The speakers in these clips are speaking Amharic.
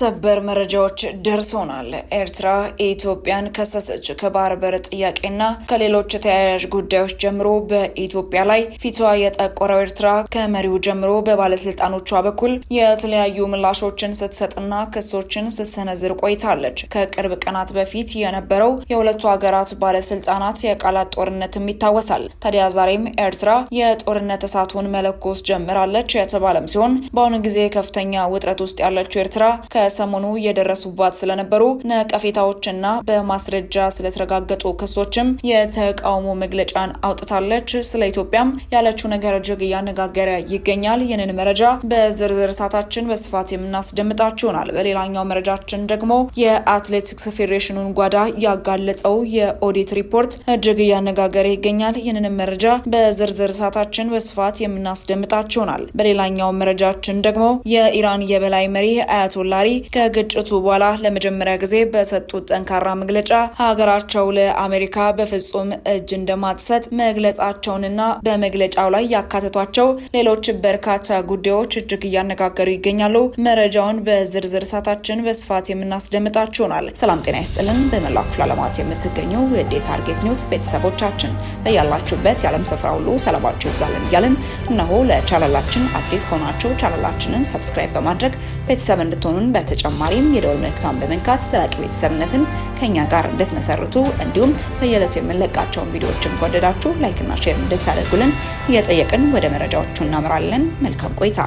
ሰበር መረጃዎች ደርሶናል። ኤርትራ የኢትዮጵያን ከሰሰች። ከባህር በር ጥያቄና ከሌሎች ተያያዥ ጉዳዮች ጀምሮ በኢትዮጵያ ላይ ፊቷ የጠቆረው ኤርትራ ከመሪው ጀምሮ በባለስልጣኖቿ በኩል የተለያዩ ምላሾችን ስትሰጥና ክሶችን ስትሰነዝር ቆይታለች። ከቅርብ ቀናት በፊት የነበረው የሁለቱ ሀገራት ባለስልጣናት የቃላት ጦርነትም ይታወሳል። ታዲያ ዛሬም ኤርትራ የጦርነት እሳቱን መለኮስ ጀምራለች የተባለም ሲሆን በአሁኑ ጊዜ ከፍተኛ ውጥረት ውስጥ ያለችው ኤርትራ ሰሞኑ የደረሱባት ስለነበሩ ነቀፌታዎችና በማስረጃ ስለተረጋገጡ ክሶችም የተቃውሞ መግለጫን አውጥታለች። ስለ ኢትዮጵያም ያለችው ነገር እጅግ እያነጋገረ ይገኛል። ይህንን መረጃ በዝርዝር ሰዓታችን በስፋት የምናስደምጣችሁ ይሆናል። በሌላኛው መረጃችን ደግሞ የአትሌቲክስ ፌዴሬሽኑን ጓዳ ያጋለጸው የኦዲት ሪፖርት እጅግ እያነጋገረ ይገኛል። ይህንንም መረጃ በዝርዝር ሰዓታችን በስፋት የምናስደምጣችሁ ይሆናል። በሌላኛው መረጃችን ደግሞ የኢራን የበላይ መሪ አያቶላሪ ከግጭቱ በኋላ ለመጀመሪያ ጊዜ በሰጡት ጠንካራ መግለጫ ሀገራቸው ለአሜሪካ በፍጹም እጅ እንደማትሰጥ መግለጻቸውንና በመግለጫው ላይ ያካተቷቸው ሌሎች በርካታ ጉዳዮች እጅግ እያነጋገሩ ይገኛሉ። መረጃውን በዝርዝር እሳታችን በስፋት የምናስደምጣችሁ ይሆናል። ሰላም ጤና ይስጥልን። በመላው ክፍለ ዓለማት የምትገኙ የዴ ታርጌት ኒውስ ቤተሰቦቻችን በያላችሁበት የዓለም ስፍራ ሁሉ ሰላማችሁ ይብዛልን እያልን እነሆ ለቻናላችን አዲስ ከሆናችሁ ቻናላችንን ሰብስክራይብ በማድረግ ቤተሰብ እንድትሆኑን በተጨማሪም የደወል ምልክቷን በመንካት ዘላቂ ቤተሰብነትን ከኛ ጋር እንድትመሰርቱ እንዲሁም በየዕለቱ የምንለቃቸውን ቪዲዮዎችን ከወደዳችሁ ላይክና ሼር እንድታደርጉልን እየጠየቅን ወደ መረጃዎቹ እናምራለን። መልካም ቆይታ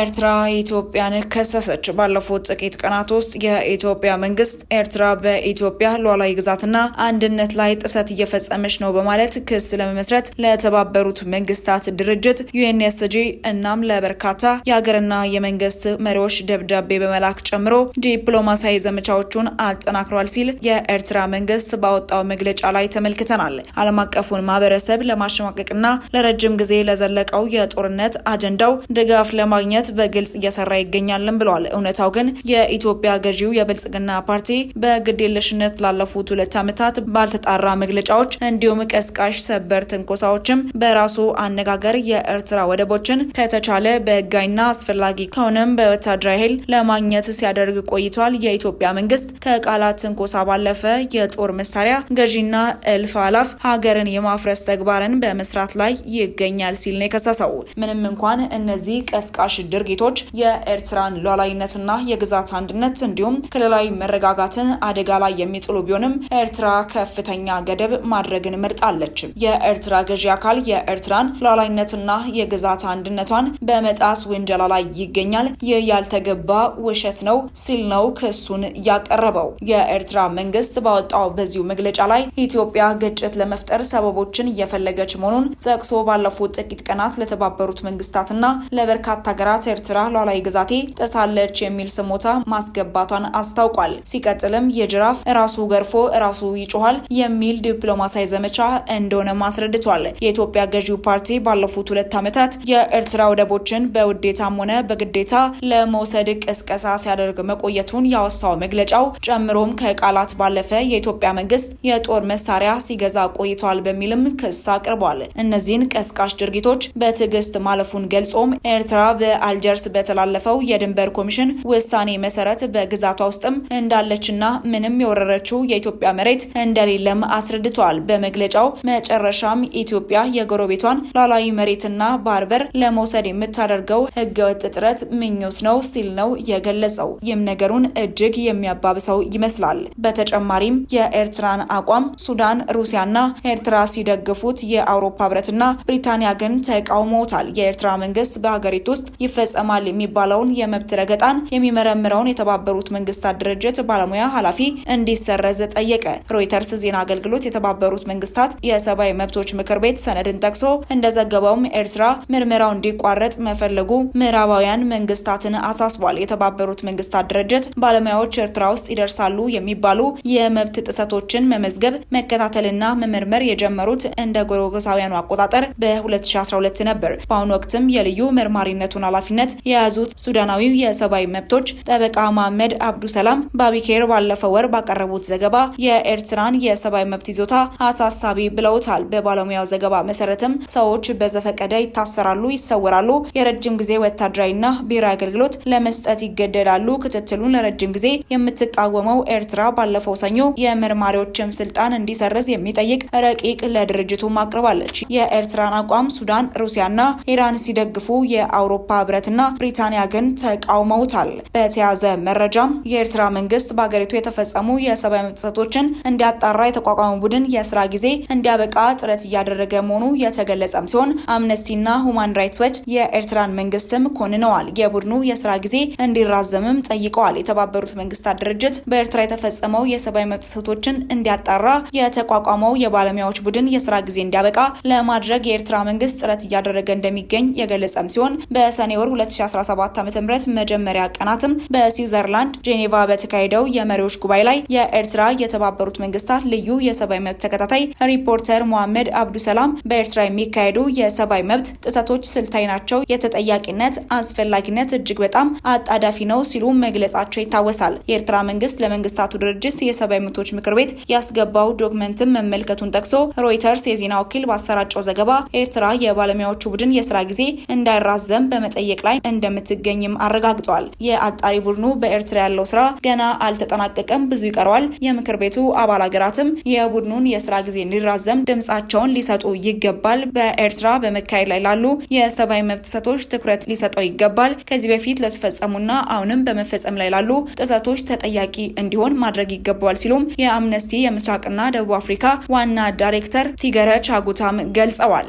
ኤርትራ ኢትዮጵያን ከሰሰች። ባለፉት ጥቂት ቀናት ውስጥ የኢትዮጵያ መንግስት ኤርትራ በኢትዮጵያ ሉዓላዊ ግዛትና አንድነት ላይ ጥሰት እየፈጸመች ነው በማለት ክስ ለመመስረት ለተባበሩት መንግስታት ድርጅት ዩኤንኤስጂ እናም ለበርካታ የሀገርና የመንግስት መሪዎች ደብዳቤ በመላክ ጨምሮ ዲፕሎማሲያዊ ዘመቻዎቹን አጠናክሯል ሲል የኤርትራ መንግስት ባወጣው መግለጫ ላይ ተመልክተናል። ዓለም አቀፉን ማህበረሰብ ለማሸማቀቅና ለረጅም ጊዜ ለዘለቀው የጦርነት አጀንዳው ድጋፍ ለማግኘት ለማለት በግልጽ እየሰራ ይገኛልም ብለዋል። እውነታው ግን የኢትዮጵያ ገዢው የብልጽግና ፓርቲ በግዴለሽነት ላለፉት ሁለት ዓመታት ባልተጣራ መግለጫዎች እንዲሁም ቀስቃሽ ሰበር ትንኮሳዎችም በራሱ አነጋገር የኤርትራ ወደቦችን ከተቻለ በህጋዊና አስፈላጊ ከሆነም በወታደራዊ ኃይል ለማግኘት ሲያደርግ ቆይቷል። የኢትዮጵያ መንግስት ከቃላት ትንኮሳ ባለፈ የጦር መሳሪያ ገዢና እልፍ አላፍ ሀገርን የማፍረስ ተግባርን በመስራት ላይ ይገኛል ሲል ነው የከሰሰው። ምንም እንኳን እነዚህ ቀስቃሽ ድርጊቶች የኤርትራን ሉዓላዊነትና የግዛት አንድነት እንዲሁም ክልላዊ መረጋጋትን አደጋ ላይ የሚጥሉ ቢሆንም ኤርትራ ከፍተኛ ገደብ ማድረግን መርጣለች። የኤርትራ ገዢ አካል የኤርትራን ሉዓላዊነትና የግዛት አንድነቷን በመጣስ ውንጀላ ላይ ይገኛል። ይህ ያልተገባ ውሸት ነው ሲል ነው ክሱን ያቀረበው። የኤርትራ መንግስት ባወጣው በዚሁ መግለጫ ላይ ኢትዮጵያ ግጭት ለመፍጠር ሰበቦችን እየፈለገች መሆኑን ጠቅሶ ባለፉት ጥቂት ቀናት ለተባበሩት መንግስታትና ለበርካታ ሀገራት ሀገራት ኤርትራ ሉዓላዊ ግዛቴ ጥሳለች የሚል ስሞታ ማስገባቷን አስታውቋል። ሲቀጥልም የጅራፍ ራሱ ገርፎ ራሱ ይጮኋል የሚል ዲፕሎማሲያዊ ዘመቻ እንደሆነም አስረድቷል። የኢትዮጵያ ገዢው ፓርቲ ባለፉት ሁለት ዓመታት የኤርትራ ወደቦችን በውዴታም ሆነ በግዴታ ለመውሰድ ቅስቀሳ ሲያደርግ መቆየቱን ያወሳው መግለጫው ጨምሮም ከቃላት ባለፈ የኢትዮጵያ መንግስት የጦር መሳሪያ ሲገዛ ቆይቷል በሚልም ክስ አቅርቧል። እነዚህን ቀስቃሽ ድርጊቶች በትዕግስት ማለፉን ገልጾም ኤርትራ በ አልጀርስ በተላለፈው የድንበር ኮሚሽን ውሳኔ መሰረት በግዛቷ ውስጥም እንዳለችና ምንም የወረረችው የኢትዮጵያ መሬት እንደሌለም አስረድተዋል። በመግለጫው መጨረሻም ኢትዮጵያ የጎረቤቷን ሉዓላዊ መሬትና ባህር በር ለመውሰድ የምታደርገው ህገወጥ ጥረት ምኞት ነው ሲል ነው የገለጸው። ይህም ነገሩን እጅግ የሚያባብሰው ይመስላል። በተጨማሪም የኤርትራን አቋም ሱዳን፣ ሩሲያና ኤርትራ ሲደግፉት የአውሮፓ ህብረትና ብሪታንያ ግን ተቃውሞታል። የኤርትራ መንግስት በሀገሪቱ ውስጥ ይፋ ይፈጸማል የሚባለውን የመብት ረገጣን የሚመረምረውን የተባበሩት መንግስታት ድርጅት ባለሙያ ኃላፊ እንዲሰረዝ ጠየቀ። ሮይተርስ ዜና አገልግሎት የተባበሩት መንግስታት የሰብአዊ መብቶች ምክር ቤት ሰነድን ጠቅሶ እንደዘገበውም ኤርትራ ምርመራው እንዲቋረጥ መፈለጉ ምዕራባውያን መንግስታትን አሳስቧል። የተባበሩት መንግስታት ድርጅት ባለሙያዎች ኤርትራ ውስጥ ይደርሳሉ የሚባሉ የመብት ጥሰቶችን መመዝገብ መከታተልና መመርመር የጀመሩት እንደ ጎረጎሳውያኑ አቆጣጠር በ2012 ነበር። በአሁኑ ወቅትም የልዩ መርማሪነቱን ኃላፊ ኃላፊነት የያዙት ሱዳናዊው የሰብአዊ መብቶች ጠበቃ መሐመድ አብዱ ሰላም በአቢኬር ባለፈው ወር ባቀረቡት ዘገባ የኤርትራን የሰብአዊ መብት ይዞታ አሳሳቢ ብለውታል። በባለሙያው ዘገባ መሰረትም ሰዎች በዘፈቀደ ይታሰራሉ፣ ይሰወራሉ፣ የረጅም ጊዜ ወታደራዊና ብሔራዊ አገልግሎት ለመስጠት ይገደዳሉ። ክትትሉን ለረጅም ጊዜ የምትቃወመው ኤርትራ ባለፈው ሰኞ የመርማሪዎችም ስልጣን እንዲሰርዝ የሚጠይቅ ረቂቅ ለድርጅቱ አቅርባለች። የኤርትራን አቋም ሱዳን፣ ሩሲያና ኢራን ሲደግፉ የአውሮፓ ህብረት ህብረትና ብሪታንያ ግን ተቃውመውታል። በተያዘ መረጃም የኤርትራ መንግስት በሀገሪቱ የተፈጸሙ የሰብአዊ መብት ጥሰቶችን እንዲያጣራ የተቋቋመ ቡድን የስራ ጊዜ እንዲያበቃ ጥረት እያደረገ መሆኑ የተገለጸም ሲሆን አምነስቲና ሁማን ራይትስ ዎች የኤርትራን መንግስትም ኮንነዋል። የቡድኑ የስራ ጊዜ እንዲራዘምም ጠይቀዋል። የተባበሩት መንግስታት ድርጅት በኤርትራ የተፈጸመው የሰብአዊ መብት ጥሰቶችን እንዲያጣራ የተቋቋመው የባለሙያዎች ቡድን የስራ ጊዜ እንዲያበቃ ለማድረግ የኤርትራ መንግስት ጥረት እያደረገ እንደሚገኝ የገለጸም ሲሆን በሰኔ ወር 2017 ዓ.ም መጀመሪያ ቀናትም በስዊዘርላንድ ጄኔቫ በተካሄደው የመሪዎች ጉባኤ ላይ የኤርትራ የተባበሩት መንግስታት ልዩ የሰብአዊ መብት ተከታታይ ሪፖርተር ሞሐመድ አብዱሰላም በኤርትራ የሚካሄዱ የሰብአዊ መብት ጥሰቶች ስልታይናቸው። ናቸው፣ የተጠያቂነት አስፈላጊነት እጅግ በጣም አጣዳፊ ነው ሲሉ መግለጻቸው ይታወሳል። የኤርትራ መንግስት ለመንግስታቱ ድርጅት የሰብአዊ መብቶች ምክር ቤት ያስገባው ዶክመንትም መመልከቱን ጠቅሶ ሮይተርስ የዜና ወኪል ባሰራጨው ዘገባ ኤርትራ የባለሙያዎቹ ቡድን የስራ ጊዜ እንዳይራዘም በመጠየቅ በመጠየቅ ላይ እንደምትገኝም አረጋግጧል። የአጣሪ ቡድኑ በኤርትራ ያለው ስራ ገና አልተጠናቀቀም፣ ብዙ ይቀረዋል። የምክር ቤቱ አባል ሀገራትም የቡድኑን የስራ ጊዜ እንዲራዘም ድምጻቸውን ሊሰጡ ይገባል። በኤርትራ በመካሄድ ላይ ላሉ የሰብአዊ መብት ጥሰቶች ትኩረት ሊሰጠው ይገባል። ከዚህ በፊት ለተፈጸሙና አሁንም በመፈጸም ላይ ላሉ ጥሰቶች ተጠያቂ እንዲሆን ማድረግ ይገባዋል ሲሉም የአምነስቲ የምስራቅና ደቡብ አፍሪካ ዋና ዳይሬክተር ቲገረ ቻጉታም ገልጸዋል።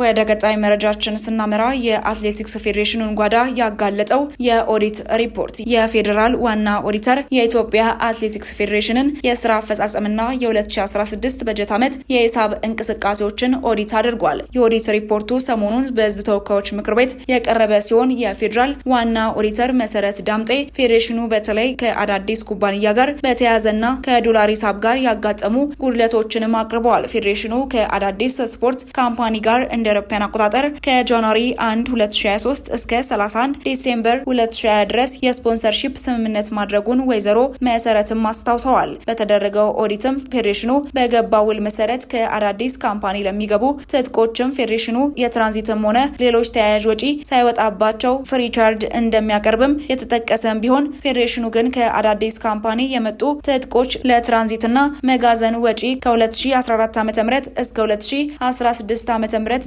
ወደ ቀጣይ መረጃችን ስናመራ የአትሌቲክስ ፌዴሬሽኑን ጓዳ ያጋለጠው የኦዲት ሪፖርት የፌዴራል ዋና ኦዲተር የኢትዮጵያ አትሌቲክስ ፌዴሬሽንን የስራ አፈጻጸምና የ2016 በጀት ዓመት የሂሳብ እንቅስቃሴዎችን ኦዲት አድርጓል። የኦዲት ሪፖርቱ ሰሞኑን በሕዝብ ተወካዮች ምክር ቤት የቀረበ ሲሆን የፌዴራል ዋና ኦዲተር መሰረት ዳምጤ ፌዴሬሽኑ በተለይ ከአዳዲስ ኩባንያ ጋር በተያያዘና ከዶላር ሂሳብ ጋር ያጋጠሙ ጉድለቶችንም አቅርበዋል። ፌዴሬሽኑ ከአዳዲስ ስፖርት ካምፓኒ ጋር እንደ አውሮፓውያን አቆጣጠር ከጃንዋሪ 1 2023 እስከ 31 ዲሴምበር 2020 ድረስ የስፖንሰርሺፕ ስምምነት ማድረጉን ወይዘሮ መሰረትም አስታውሰዋል። በተደረገው ኦዲትም ፌዴሬሽኑ በገባ ውል መሰረት ከአዳዲስ ካምፓኒ ለሚገቡ ትጥቆችም ፌዴሬሽኑ የትራንዚትም ሆነ ሌሎች ተያያዥ ወጪ ሳይወጣባቸው ፍሪ እንደሚያቀርብም የተጠቀሰም ቢሆን ፌዴሬሽኑ ግን ከአዳዲስ ካምፓኒ የመጡ ትጥቆች ለትራንዚትና መጋዘን ወጪ ከ2014 ዓ.ም እስከ 2016 ዓ.ም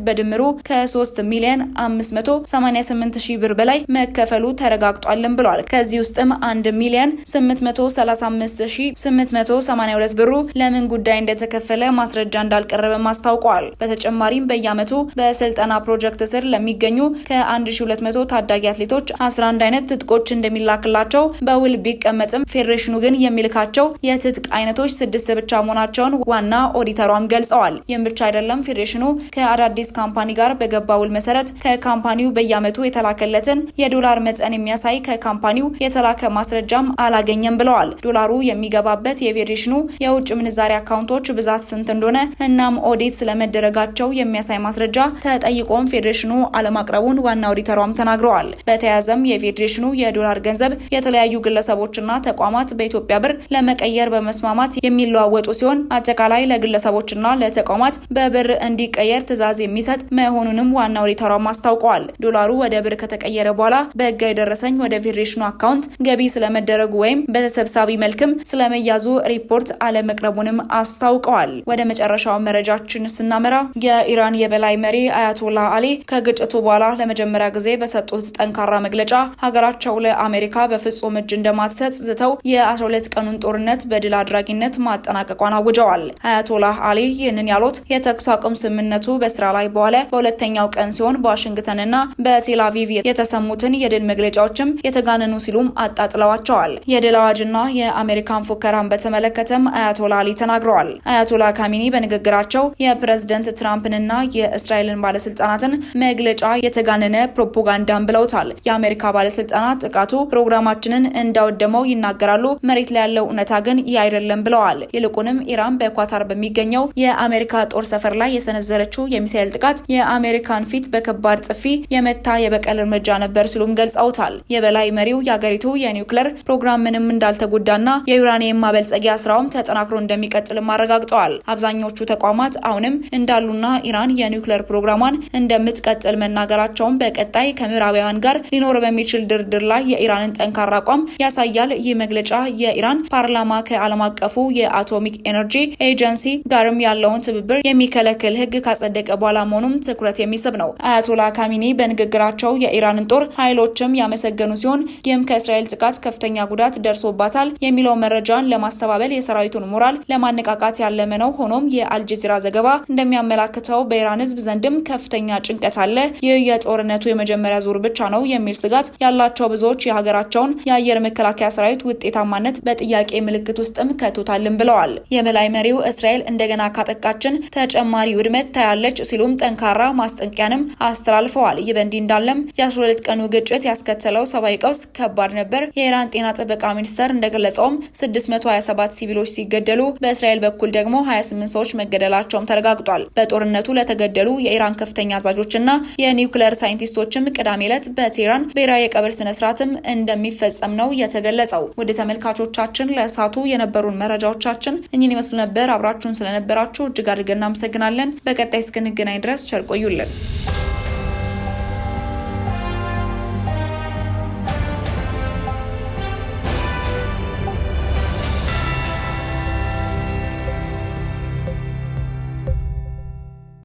በድምሩ ከ3 ሚሊዮን 588 ሺህ ብር በላይ መከፈሉ ተረጋግጧልም ብሏል። ከዚህ ውስጥም 1 ሚሊዮን 835 ሺህ 882 ብሩ ለምን ጉዳይ እንደተከፈለ ማስረጃ እንዳልቀረበም አስታውቋል። በተጨማሪም በየዓመቱ በስልጠና ፕሮጀክት ስር ለሚገኙ ከ1200 ታዳጊ አትሌቶች 11 አይነት ትጥቆች እንደሚላክላቸው በውል ቢቀመጥም ፌዴሬሽኑ ግን የሚልካቸው የትጥቅ አይነቶች ስድስት ብቻ መሆናቸውን ዋና ኦዲተሯም ገልጸዋል። ይህም ብቻ አይደለም ፌዴሬሽኑ ከአዳዲስ ካምፓኒ ጋር በገባ ውል መሰረት ከካምፓኒው በየዓመቱ የተላከለትን የዶላር መጠን የሚያሳይ ከካምፓኒው የተላከ ማስረጃም አላገኘም ብለዋል። ዶላሩ የሚገባበት የፌዴሬሽኑ የውጭ ምንዛሪ አካውንቶች ብዛት ስንት እንደሆነ እናም ኦዲት ስለመደረጋቸው የሚያሳይ ማስረጃ ተጠይቆም ፌዴሬሽኑ አለማቅረቡን ዋና ኦዲተሯም ተናግረዋል። በተያያዘም የፌዴሬሽኑ የዶላር ገንዘብ የተለያዩ ግለሰቦችና ተቋማት በኢትዮጵያ ብር ለመቀየር በመስማማት የሚለዋወጡ ሲሆን አጠቃላይ ለግለሰቦችና ለተቋማት በብር እንዲቀየር ትዕዛዝ የሚሰ የሚሰጥ መሆኑንም ዋናው ሪተሯም አስታውቀዋል። ዶላሩ ወደ ብር ከተቀየረ በኋላ በህጋዊ ደረሰኝ ወደ ፌዴሬሽኑ አካውንት ገቢ ስለመደረጉ ወይም በተሰብሳቢ መልክም ስለመያዙ ሪፖርት አለመቅረቡንም አስታውቀዋል። ወደ መጨረሻው መረጃችን ስናመራ የኢራን የበላይ መሪ አያቶላ አሊ ከግጭቱ በኋላ ለመጀመሪያ ጊዜ በሰጡት ጠንካራ መግለጫ ሀገራቸው ለአሜሪካ በፍጹም እጅ እንደማትሰጥ ዝተው የ12 ቀኑን ጦርነት በድል አድራጊነት ማጠናቀቋን አውጀዋል። አያቶላህ አሊ ይህንን ያሉት የተኩስ አቁም ስምምነቱ በስራ ላይ በኋላ በሁለተኛው ቀን ሲሆን በዋሽንግተንና በቴላቪቭ የተሰሙትን የድል መግለጫዎችም የተጋነኑ ሲሉም አጣጥለዋቸዋል። የድል አዋጅና የአሜሪካን ፉከራን በተመለከተም አያቶላ አሊ ተናግረዋል። አያቶላ ካሚኒ በንግግራቸው የፕሬዝደንት ትራምፕንና የእስራኤልን ባለስልጣናትን መግለጫ የተጋነነ ፕሮፓጋንዳን ብለውታል። የአሜሪካ ባለስልጣናት ጥቃቱ ፕሮግራማችንን እንዳወደመው ይናገራሉ፣ መሬት ላይ ያለው እውነታ ግን ይህ አይደለም ብለዋል። ይልቁንም ኢራን በኳታር በሚገኘው የአሜሪካ ጦር ሰፈር ላይ የሰነዘረችው የሚሳኤል ጥቃት የአሜሪካን ፊት በከባድ ጥፊ የመታ የበቀል እርምጃ ነበር ሲሉም ገልጸውታል። የበላይ መሪው የአገሪቱ የኒውክለር ፕሮግራም ምንም እንዳልተጎዳና የዩራኒየም ማበልጸጊያ ስራውም ተጠናክሮ እንደሚቀጥልም አረጋግጠዋል። አብዛኞቹ ተቋማት አሁንም እንዳሉና ኢራን የኒውክለር ፕሮግራሟን እንደምትቀጥል መናገራቸውን በቀጣይ ከምዕራባውያን ጋር ሊኖር በሚችል ድርድር ላይ የኢራንን ጠንካራ አቋም ያሳያል። ይህ መግለጫ የኢራን ፓርላማ ከዓለም አቀፉ የአቶሚክ ኤነርጂ ኤጀንሲ ጋርም ያለውን ትብብር የሚከለክል ህግ ካጸደቀ በኋላ መሆኑም ትኩረት የሚስብ ነው። አያቶላ ካሚኒ በንግግራቸው የኢራንን ጦር ኃይሎችም ያመሰገኑ ሲሆን ይህም ከእስራኤል ጥቃት ከፍተኛ ጉዳት ደርሶባታል የሚለው መረጃን ለማስተባበል የሰራዊቱን ሞራል ለማነቃቃት ያለመ ነው። ሆኖም የአልጀዚራ ዘገባ እንደሚያመላክተው በኢራን ህዝብ ዘንድም ከፍተኛ ጭንቀት አለ። ይህ የጦርነቱ የመጀመሪያ ዙር ብቻ ነው የሚል ስጋት ያላቸው ብዙዎች የሀገራቸውን የአየር መከላከያ ሰራዊት ውጤታማነት በጥያቄ ምልክት ውስጥም ከቶታልም ብለዋል። የበላይ መሪው እስራኤል እንደገና ካጠቃችን ተጨማሪ ውድመት ታያለች ሲሉም ጠንካራ ማስጠንቀቂያንም አስተላልፈዋል። ይህ በእንዲህ እንዳለም የ12 ቀኑ ግጭት ያስከተለው ሰብአዊ ቀውስ ከባድ ነበር። የኢራን ጤና ጥበቃ ሚኒስቴር እንደገለጸውም 627 ሲቪሎች ሲገደሉ በእስራኤል በኩል ደግሞ 28 ሰዎች መገደላቸውም ተረጋግጧል። በጦርነቱ ለተገደሉ የኢራን ከፍተኛ አዛዦችና የኒውክሌር ሳይንቲስቶችም ቅዳሜ ዕለት በቴህራን ብሔራዊ የቀብር ስነ ስርዓትም እንደሚፈጸም ነው የተገለጸው። ወደ ተመልካቾቻችን ለእሳቱ የነበሩን መረጃዎቻችን እኚህን ይመስሉ ነበር። አብራችሁን ስለነበራችሁ እጅግ አድርገን እናመሰግናለን። በቀጣይ እስክንገናኝ ድረስ ቸር ቆዩልን።